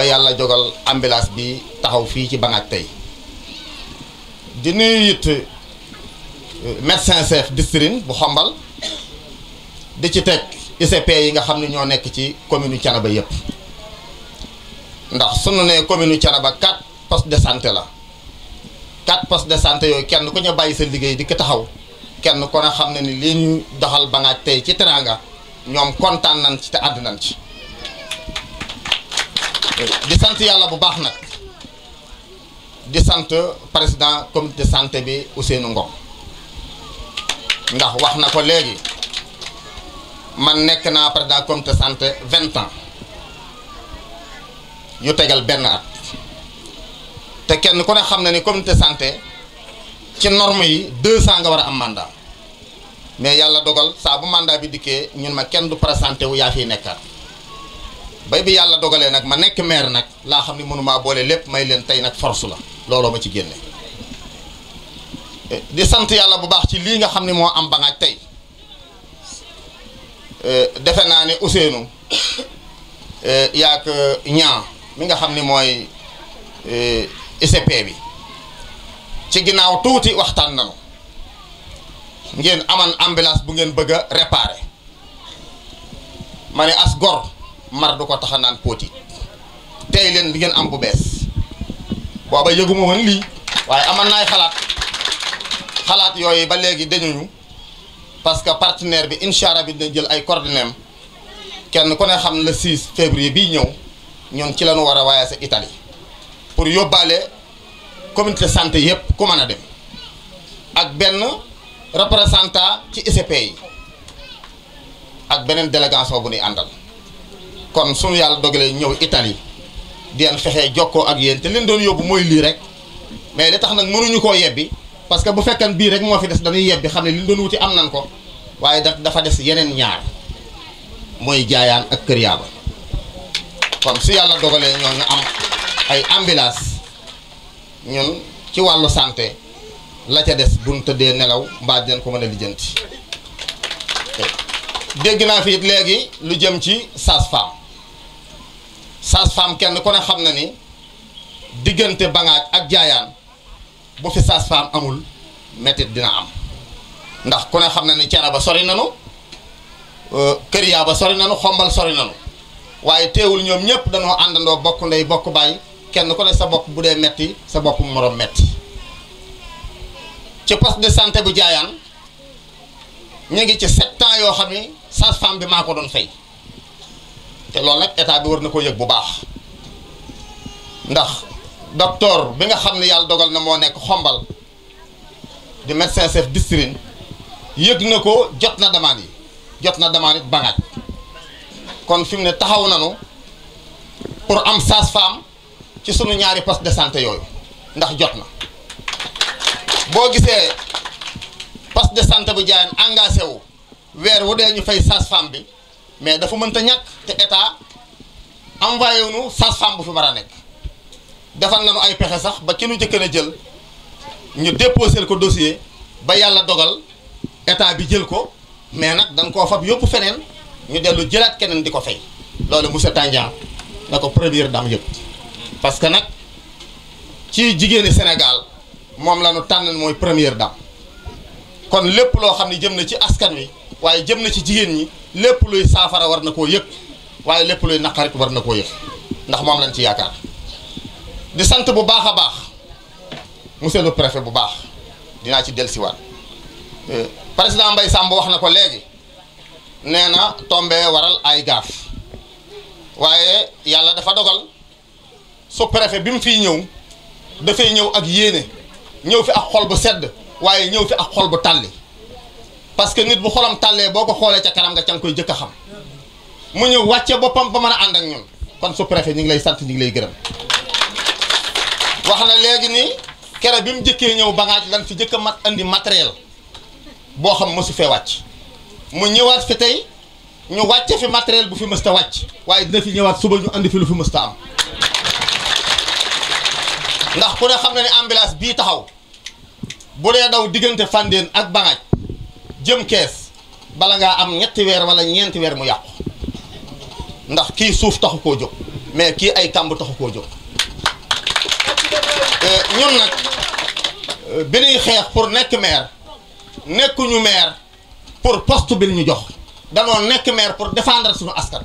ba yàlla jogal ambulance bi taxaw fii ci Bangaaj tey di nuyu it euh, médecin chef bu xombal di ci teg ICP yi nga xam ne ñoo nekk ci commune Thiénaba yëpp ndax sunu ne commune Thiénaba quatre postes de santé la quatre postes de santé yooyu kenn ku ñu bàyyi sa liggéey di ko taxaw kenn ku ne xam na ni lii ñu doxal Bangaaj tey ci teraanga ñoom kontaan nañ ci te àdd nañ ci di sant yàlla bu baax nag di sant président comité santé bi Ousseynou Ngom ndax wax na ko léegi man nekk naa président comité santé vingt ans yu tegal benn at te kenn ku ne xam ne ni comité santé ci norme yi deux cent nga war a am mandat mais yàlla dogal saa bu mandat bi dikkee ñun ma kenn du présenté wu yaa fiy nekkaat bay bi yàlla dogalee nag ma nekk maire nag laa xam ne mënumaa boole lépp may leen tey nag force la looloo ma ci génne eh, di sant yàlla bu baax ci lii nga xam ne moo am bangaaj tey eh, defe naa ne Ousseynou eh, yaak ñaa mi nga xam ni mooy ICP bi ci ginnaaw tuuti waxtaan nanu ngeen aman ambulance bu ngeen bëgg a réparer ma ne asgor mar du ko tax a naan póoti tey leen bi ngeen am bu bees booba yëguma woon lii waaye aman naay xalaat xalaat yooyu ba léegi dañuñu parce que partenaire bi incha allah bi dina jël ay coordonnées kenn ku ne xam le 6 février biy ñëw ñoom ci la ñu war a waaye sa Italie pour yóbbaale communauté santé yëpp ku mën a dem ak benn représentant ci ICP yi ak beneen délégation bu ñuy àndal. kon sunu yàlla dogalee ñëw Italie di leen fexee jokkoo ak yéen te leen doon yóbbu mooy lii rek mais li tax nag mënuñu koo yebbi parce que bu fekkan bii rek moo fi des dañuy yebbi xam ne liñ doon wuti am nan ko waaye dafa des yeneen ñaar mooy jaayaan ak kër yaaba kon su yàlla dogalee ñoo ñu am ay ambulance ñun ci wàllu santé la ca des buñ tëddee nelaw mbaa dinañ ko mën a dégg naa fi it léegi lu jëm ci sage-femme sage-femme kenn ku ne xam na ni diggante Bangaaj ak Jaayaan bu fi sage-femme amul métit dina am ndax ku ne xam na ni cere ba sori nanu euh, kër yaa ba sori nanu xombal sori nanu waaye teewul ñoom ñëpp dañoo àndandoo bokk ndey bokk baay kenn ku ne sa bopp bu dee metti sa bopp moroom metti ci poste de santé bu Jaayaan ñu ngi ci sept yoo xam ni sage-femme bi maa ko doon fay te loolu nag état bi war na ko yëg bu baax ndax docteur bi nga xam ne yàlla dogal na moo nekk xombal di médecin chef district yëg na ko jot na demande yi jot na demande it bangaaj kon fi mu ne taxaw nanu pour am sage-femme ci suñu ñaari poste de santé yooyu ndax jot na boo gisee poste de santé bu jaayeen engagé wu weer wu dee ñu fay sage-femme bi mais dafa mënta ñàkk te état envoyé wu ñu sage bu fi mën a nekk defal nañu ay pexe sax ba ki nu njëkk a jël ñu déposé ko dossier ba yàlla dogal état bi jël ko mais nag dañ koo fab yóbbu feneen ñu dellu jëlaat keneen di ko fay loolu monsieur Tandian na ko première dame yëpp parce que nag ci jigéeni Sénégal moom la ñu tànn mooy première dame kon lépp loo xam ne jëm na ci askan wi waaye jëm na ci jigéen ñi. lépp luy saafara war na koo yëg waaye lépp luy naqarit war na koo yëg ndax moom lañ ci yaakaar di sant bu baax a baax monsieur le préfet bu baax dinaa ci dellusiwaat euh, président Mbaye Samb wax na ko léegi nee na tombé waral ay gaaf waaye yàlla dafa dogal su préfet bi mu fiy ñëw dafay ñëw ak yéene ñëw fi ak xol bu sedd waaye ñëw fi ak xol bu tàlli parce que nit bu xolam tàllee boo ko xoolee ca kanam nga ca nga koy jëkk a xam mu ñëw wàcce boppam ba mën a ànd ak ñun kon su préfet ñu ngi lay sant ñu lay gërëm wax na léegi ni kere bi mu jëkkee ñëw bagage lañ fi jëkk a mat andi matériel boo xam mësu fee wàcc mu ñëwaat fi tey ñu wàcce fi matériel bu fi mësta wàcc waaye dina fi ñëwaat suba ñu andi fi lu fi mësta am ndax ku ne xam na ne ambulance bii taxaw bu dee daw diggante Fandène ak Bangaaj jëm kees bala ngaa am ñetti weer wala ñeenti weer mu yàqu ndax kii suuf taxu koo jóg mais kii ay kàmb taxu koo jóg euh, ñun nag euh, bi ñuy xeex pour nekk maire nekkuñu maire pour postu bi ñu jox danoo nekk maire pour défendre suñu askan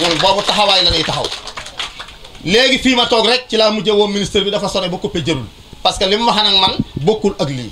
ñun boobu taxawaay la ñuy taxaw léegi fii ma toog rek ci laa mujjee woo ministre bi dafa sone ba coupé jërul parce que li mu wax nag man bokkul ak lii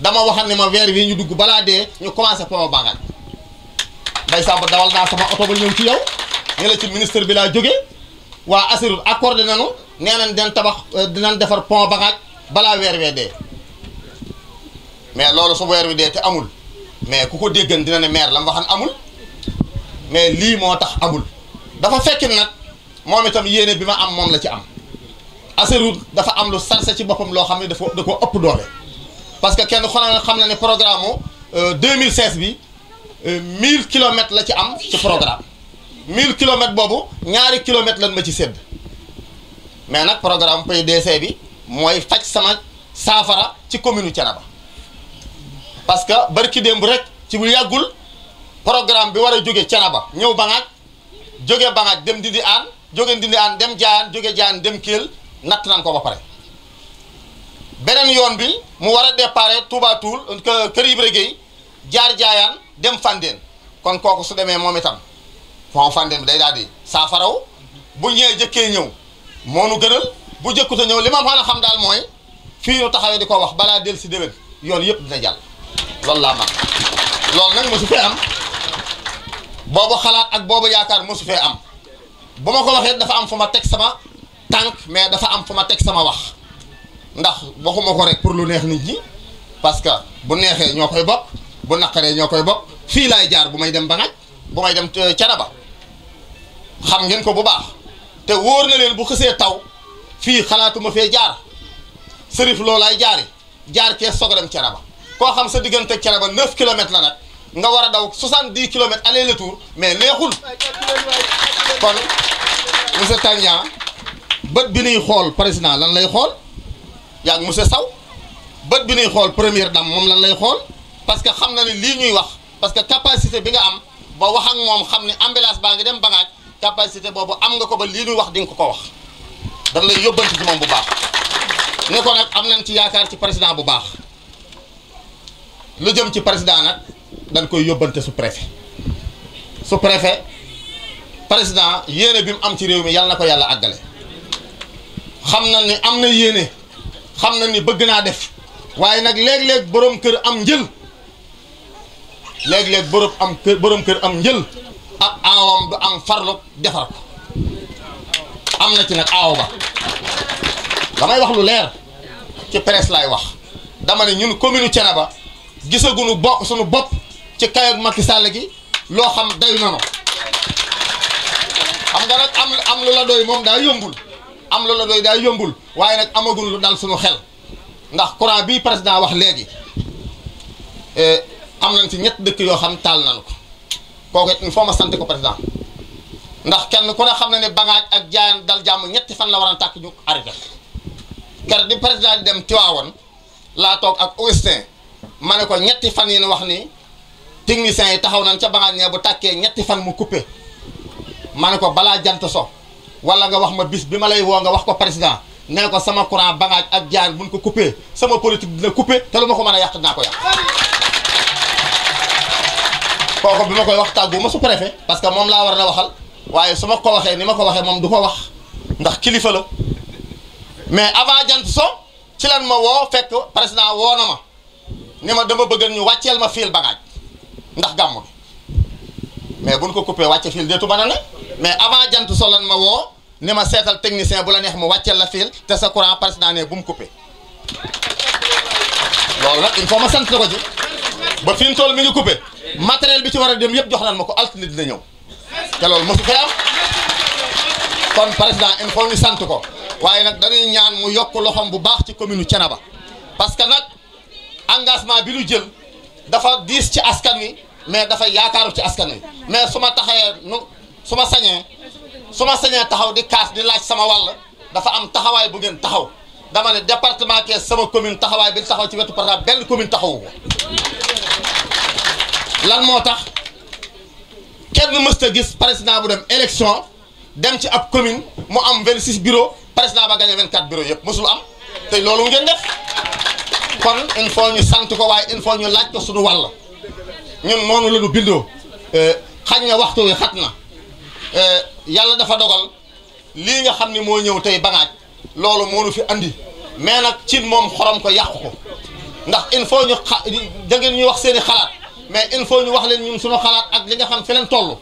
dama waxal ne ma weer wi ñu dugg balaa dee ñu commencé propagande day sàmb dawal naa sama oto ba ñëw ci yow ñu la ci ministre bi laa jóge waa assuré accordé nañu nee nañ dinañ tabax euh, dinañ defar pont Bangaaj balaa weer wee dee mais loolu su weer wi dee te amul mais ku ko déggan dina ne maire la mu waxan amul mais lii moo tax amul dafa fekkin nag moom itam yéene bi ma am moom la ci am assuré dafa am lu sarse ci boppam loo xam ne dafa da ko ëpp doole. parce que kenn xanaa xam na ne programme mu 2016 euh, bi 1000 euh, kilomètres la ci am ci programme 1000 kilomètres boobu ñaari kilomètres lan ma ci sédd mais nag programme PDC bi mooy faj sama saafara ci commune Thiénaba parce que barki démb rek ci bu yàggul programme bi war a jóge ba ñëw Bangaaj jóge Bangaaj dem Ndindi Aan jóge Ndindi Aan dem Jaayaan jóge Jaayaan dem Kelle natt nañ ko ba pare. beneen yoon bi mu war a départ Touba Toul Kër Ibra Gueye jaar jaayaan dem Fandène kon kooku su demee moom itam fond Fandène bi day daal di saafaraw bu ñëwee jëkkee ñëw moo moonu gënal bu jëkkut a ñëw li ma mën a xam daal mooy fii nu taxawee di ko wax balaa del si déwén yoon yëpp dina jàll loolu laa man loolu nag mosu fee am boobu xalaat ak boobu yaakaar mosu fee am bu ma ko waxee dafa am fu ma teg sama tànk mais dafa am fu ma teg sama wax ndax waxuma ko rek pour lu neex nit ñi parce que bu neexee ñoo koy bokk bu naqaree ñoo koy bokk fii laay jaar bu may dem ba naaj bu may dem euh, caraba xam ngeen ko bu baax te wóor na leen bu xësee taw fii xalaatuma fee jaar sërif loolaay jaari jaar kees soog a dem caraba koo xam sa diggante caraba 9 kilomètres la nag nga war a daw 70 kilomètres aller retour mais neexul kon monsieur Tangna bët bi nuy xool président lan lay xool. yaa ngi monsieur Saw bët bi ñuy xool première dame moom lan lay xool parce que xam na ne lii ñuy wax parce que capacité bi nga am ba wax ak moom xam ne ambulance baa ngi dem bangaaj capacité boobu am nga ko ba lii ñuy wax di nga ko ko wax dam lay yóbbanti ci moom bu baax ne nag am nañ ci yaakaar ci président bu baax lu jëm ci président dañ koy yóbbante su préfet su préfet président yéene bi mu am ci réew mi yàlla na ko yàlla àggale xam na ni am na yéene xam na ni bëgg naa def waaye nag léeg-léeg borom kër am njël léeg-léeg borom am kër am njël ak aawam du am farlu defar ko am na ci nag aaw damay wax lu leer ci presse laay wax dama ne ñun commune Thiénaba gisaguñu bokk suñu bopp ci kay ak Macky Sall gi loo xam day nanu xam nga nag am am lu la doy moom daa yombul am lu la doy daay yombul waaye nag amagun lu dal suñu xel ndax courant bii président wax léegi eh, am nañ ci ñett dëkk yoo xam taal nañ ko kooku il faut ma sant ko président ndax kenn ku ne xam na ne bagaaj ak jaan dal jàmm ñetti fan la war a tàkk ñu arrêté ker di président dem Tiwaawoon laa toog ak Augustin ma ne ko ñetti fan yi wax ni techniciens yi taxaw nañ ca bagaaj ne bu tàkkee ñetti fan mu coupé ma ne ko balaa jant so wala nga wax ma bis bi ma lay woo nga wax ko président ne ko sama courant bagaaj ak jaar buñ ko coupé sama politique dina coupé te lu ma ko mën a yàq dinaa ko yàq kooku bi ma koy wax tàggu ma su préfet parce que moom laa war a waxal waaye su ma ko waxee ni ma ko waxee moom du ko wax ndax kilifa la mais avant jant so ci lan ma woo fekk président woo na ma ni ma dama bëgg ñu wàcceel ma fiil bagaaj ndax gàmm bi mais buñ ko coupé wàcce fiil deetu ba mais avant jant so lan ma woo ni ma seetal technicien bu la neex mu wàcceel la fil te sa courant parce ne bu mu coupé loolu nag il faut ma sant la ko ji ba fi mu toll mi ngi coupé matériel bi ci war dem yëpp jox naan ma ko altine dina ñëw te loolu mosu ko am kon président il faut ñu sant ko waaye nag dañuy ñaan mu yokk loxoom bu baax ci commune Thiénaba parce que nag engagement bi lu jël dafa diis ci askan wi mais dafa yaakaaru ci askan wi mais su ma taxee nu su ma sañee su ma señee taxaw di kaas di laaj sama wàll dafa am taxawaay bu ngeen taxaw dama ne département Thiès sama commune taxawaay bi taxaw ci wetu Pata benn commune taxawu ko lan moo tax kenn mësta gis président bu dem élection dem ci ab commune mu am 26 bureaux président ba gagné 24 bureaux yëpp mosul am te loolu ngeen def kon il faut ñu sant ko waaye il ñu laaj ko suñu wàll ñun noonu la ñu bindoo euh, xañ nga waxtu wi xat na. Eh, yàlla dafa dogal lii nga xam ni moo ñëw tey bagaaj loolu moo nu fi andi mais nag cin moom xorom ko yàqu ko ndax in faut ñu xa da ngeen ñuy wax seen i xalaat mais il faut ñu wax leen ñun suma xalaat ak li nga xam fi leen toll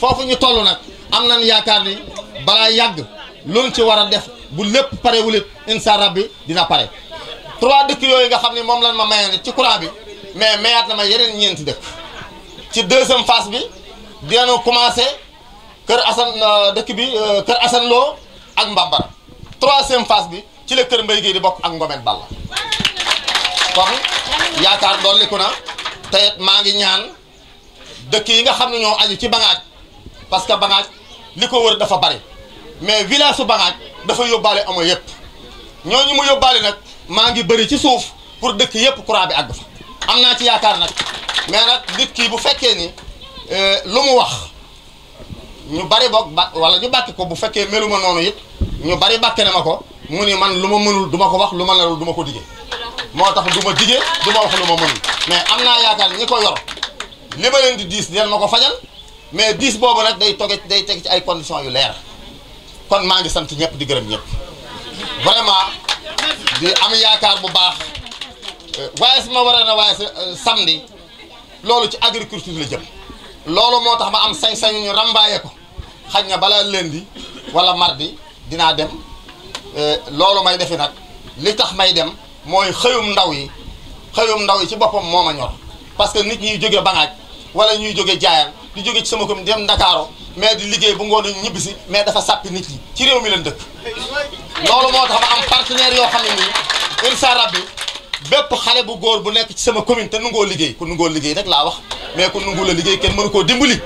foofu ñu toll nag am nañ yaakaar ni balaa yàgg luñ ci war a def bu lépp pare wulit insa bi dina pare trois dëkk yooyu nga xam ne moom lan ma mayande ci courant bi mais mayaat na ma yeneen ñeenti dëkk ci deuxième bi dinañu commencé kër Assane euh, dëkk bi euh, kër Assane ak Mbambara troisième phase bi ci la kër Mbaye Guèye di bokk ak Ngomen Balla kon yaakaar dolliku na te it maa ngi ñaan dëkk yi nga xam ne ñoo aju ci Bangaaj parce que Bangaaj li ko wër dafa bari mais village su Bangaaj dafa yóbbaale amoo yëpp ñoo ñooñu mu yóbbaale nag maa ngi bëri ci suuf pour dëkk yëpp courant bi àgg fa am naa ci yaakaar nag mais nag nit kii bu fekkee ni euh, lu mu wax. ñu bari boog ba wala ñu bàkki ko bu fekkee meluma noonu it ñu bari bàkke ne ma ko mu ni man lu ma mënul duma ko wax lu ma narul duma ko digee moo tax du ma digee du ma wax lu ma mënul mais am naa yaakaar ñi ko yor li ma leen di diis leen ma ko fajal mais diis boobu nag day toge day teg ci ay conditions yu leer kon maa ngi sant ñëpp di gërëm ñëpp vraiment di am yaakaar bu baax euh, waaye su ma waree na waaye euh, samedi loolu ci agriculture la jëm loolu moo tax ma am sañ-sañu ñu ràmbaaye ko xaj na balaa lundi wala mardi dinaa dem euh, loolu may defi nag li tax may dem mooy xëyum ndaw yi xëyum ndaw yi ci boppam moo ma ñor parce que nit ñuy jóge Bangaaj wala ñuy jóge Jaayaan di jóge ci sama commune dem Ndakaaru mais di liggéey bu ngoon ñibbi si mais dafa sàppi nit ñi ci réew mi leen dëkk loolu moo tax ma am partenaire yoo xam ne nii insa rabbi bépp xale bu góor bu nekk ci sama commune te nungoo liggéey ku nungoo liggéey rek laa wax mais ku nungu la kenn mënu koo dimbali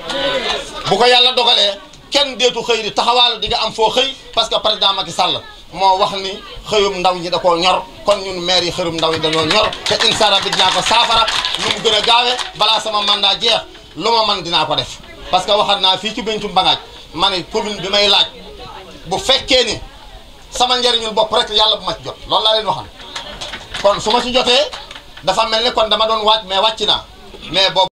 kenn deetu xëy ni taxawaalu di nga am foo xëy parce que président Macky Sall moo wax ni xëyum ndaw ñi da koo ñor kon ñun maire yi xëyum ndaw ñi dañoo ñor te incha allah bi dinaa ko saafara nu mu gën a gaawee balaa sama mandat jeex lu ma man dinaa ko def parce que waxat naa fii ci Béntoum Bangaaj ma ne commune bi may laaj bu fekkee ni sama njëriñul bopp rek yàlla bu ma ci jot loolu laa leen waxan kon su ma ci jotee dafa mel ni kon dama doon wàcc mais wàcc naa mais boobu